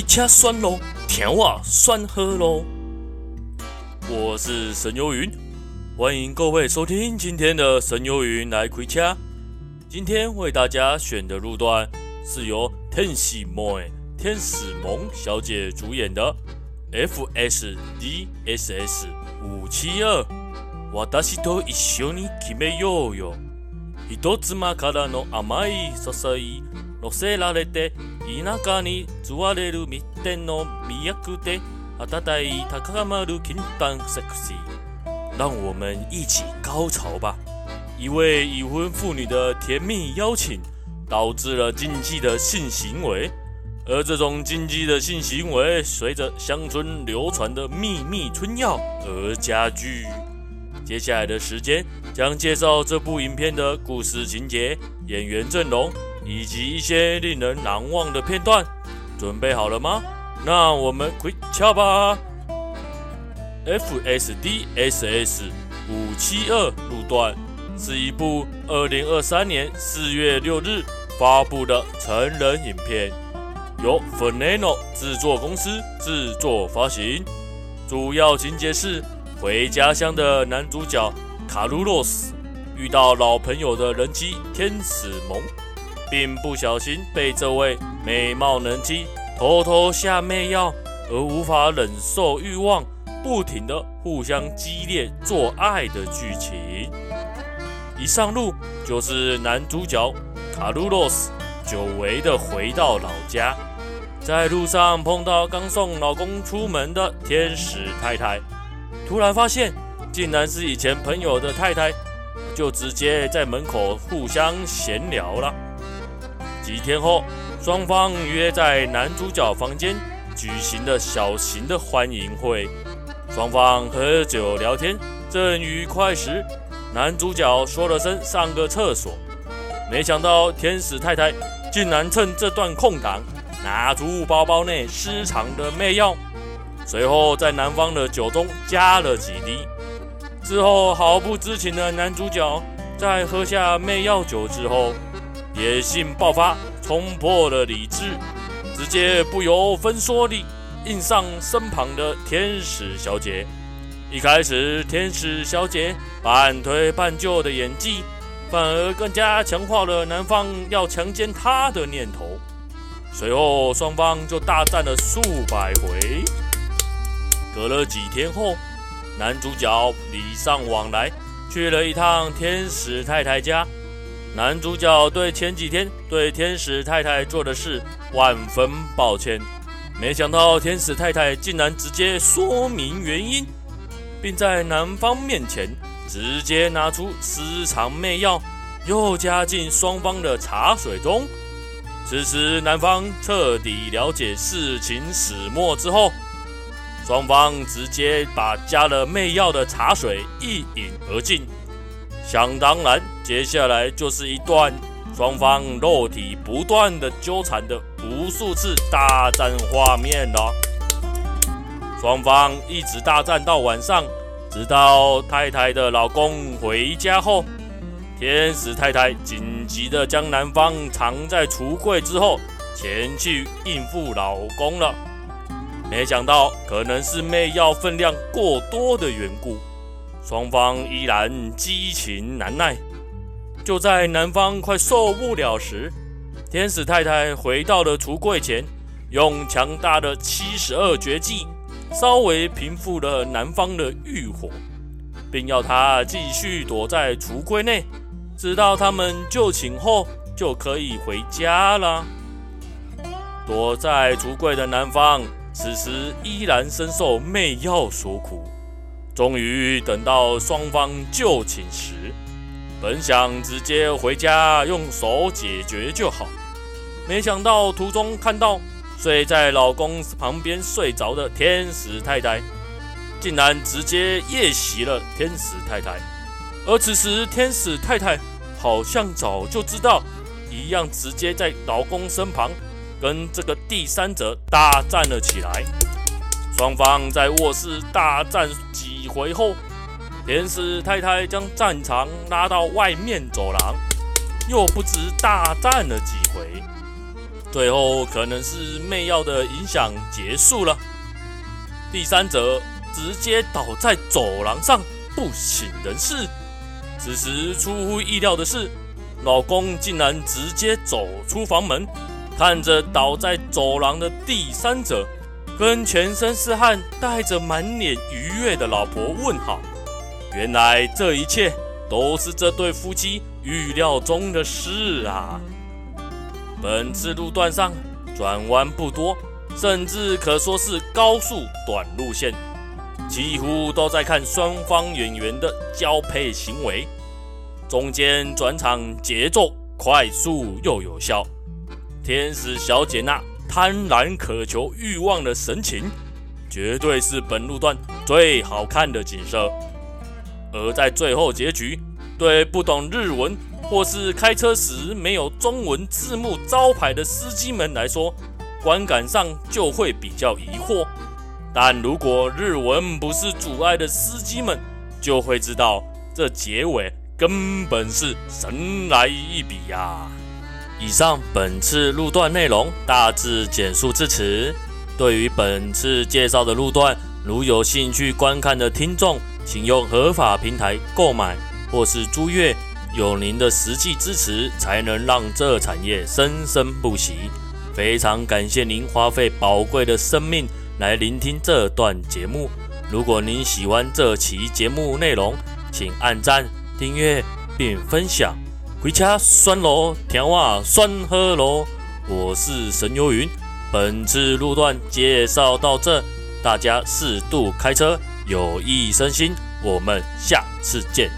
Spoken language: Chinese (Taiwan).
開車算咯，甜話酸喝咯。我是神遊雲，歡迎各位收聽今天的神遊雲來開車。今天為大家選的路段是由天使萌天使萌小姐主演的 FSDSS 五七二。私と一緒にキメようよ。人妻からの甘い誘いに乗せられて。田間被詛咒的密點的密約，的，暖昧，高亢的金嘆 sexy，讓我們一起高潮吧！一位已婚婦女的甜蜜邀請，導致了禁忌的性行為，而這種禁忌的性行為隨着鄉村流傳的秘密春藥而加劇。接下來的時間將介紹這部影片的故事情節、演員陣容。以及一些令人難忘的片段，準備好了嗎？那我們回家吧。F S D S S 五七二路段是一部二零二三年四月六日發佈的成人影片，由 Fernando 製作公司製作發行。主要情節是回家鄉的男主角卡魯洛斯遇到老朋友的人妻天使萌。並不小心被這位美貌人妻偷偷下媚藥，而無法忍受慾望，不停的互相激烈做愛的劇情。一上路就是男主角卡魯洛斯久違的回到老家，在路上碰到剛送老公出門的天使太太，突然發現竟然是以前朋友的太太，就直接在門口互相閒聊了。幾天後，雙方約在男主角房間舉行的小型的歡迎會，雙方喝酒聊天，正愉快時，男主角說了聲上個廁所，沒想到天使太太竟然趁這段空檔拿出包包內私藏的媚藥，隨後在男方的酒中加了幾滴，之後毫不知情的男主角在喝下媚藥酒之後。野性爆發，衝破了理智，直接不由分說地印上身旁的天使小姐。一開始，天使小姐半推半就的演技，反而更加強化了男方要強姦她的念頭。隨後，雙方就大戰了數百回。隔了幾天後，男主角禮尚往來，去了一趟天使太太家。男主角對前幾天對天使太太做的事萬分抱歉，沒想到天使太太竟然直接說明原因，並在男方面前直接拿出私藏媚藥，又加進雙方的茶水中。此時，男方徹底了解事情始末之後，雙方直接把加了媚藥的茶水一飲而盡。想當然，接下來就是一段雙方肉體不斷的糾纏的無數次大戰畫面了。雙方一直大戰到晚上，直到太太的老公回家後，天使太太緊急的將男方藏在櫥櫃之後，前去應付老公了。沒想到，可能是媚藥分量過多的緣故。雙方依然激情難耐，就在男方快受不了時，天使太太回到了櫥櫃前，用強大的七十二絕技稍微平復了男方的慾火，並要他繼續躲在櫥櫃內，直到他們就寢後就可以回家了。躲在櫥櫃的男方此時依然深受媚藥所苦。終於等到雙方就寢時，本想直接回家用手解決就好，沒想到途中看到睡在老公旁邊睡着的天使太太，竟然直接夜襲了天使太太，而此時天使太太好像早就知道一樣，直接在老公身旁跟這個第三者大戰了起來，雙方在臥室大戰幾。回後，天使太太將戰場拉到外面走廊，又不知大戰了幾回。最後可能是媚藥的影響結束了，第三者直接倒在走廊上不省人事。此時出乎意料的是，老公竟然直接走出房門，看着倒在走廊的第三者。跟全身是汗、帶着滿臉愉悅的老婆問好，原來這一切都是這對夫妻預料中的事啊！本次路段上轉彎不多，甚至可說是高速短路線，幾乎都在看雙方演員的交配行為，中間轉場節奏快速又有效，天使小姐那。貪婪、渴求、慾望的神情，絕對是本路段最好看的景色。而在最後結局，對不懂日文或是開車時沒有中文字幕招牌的司機們來說，觀感上就會比較疑惑。但如果日文不是阻礙的司機們，就會知道這結尾根本是神來一筆呀。以上本次路段內容大致簡述至此。對於本次介紹的路段，如有興趣觀看的聽眾，請用合法平台購買或是租閱。有您的實際支持，才能讓這產業生生不息。非常感謝您花費寶貴的生命來聆聽這段節目。如果您喜歡這期節目內容，請按讚、訂閱並分享。回家酸咯，聽話酸喝咯。我是神游雲，本次路段介紹到這，大家適度開車，有益身心。我們下次見。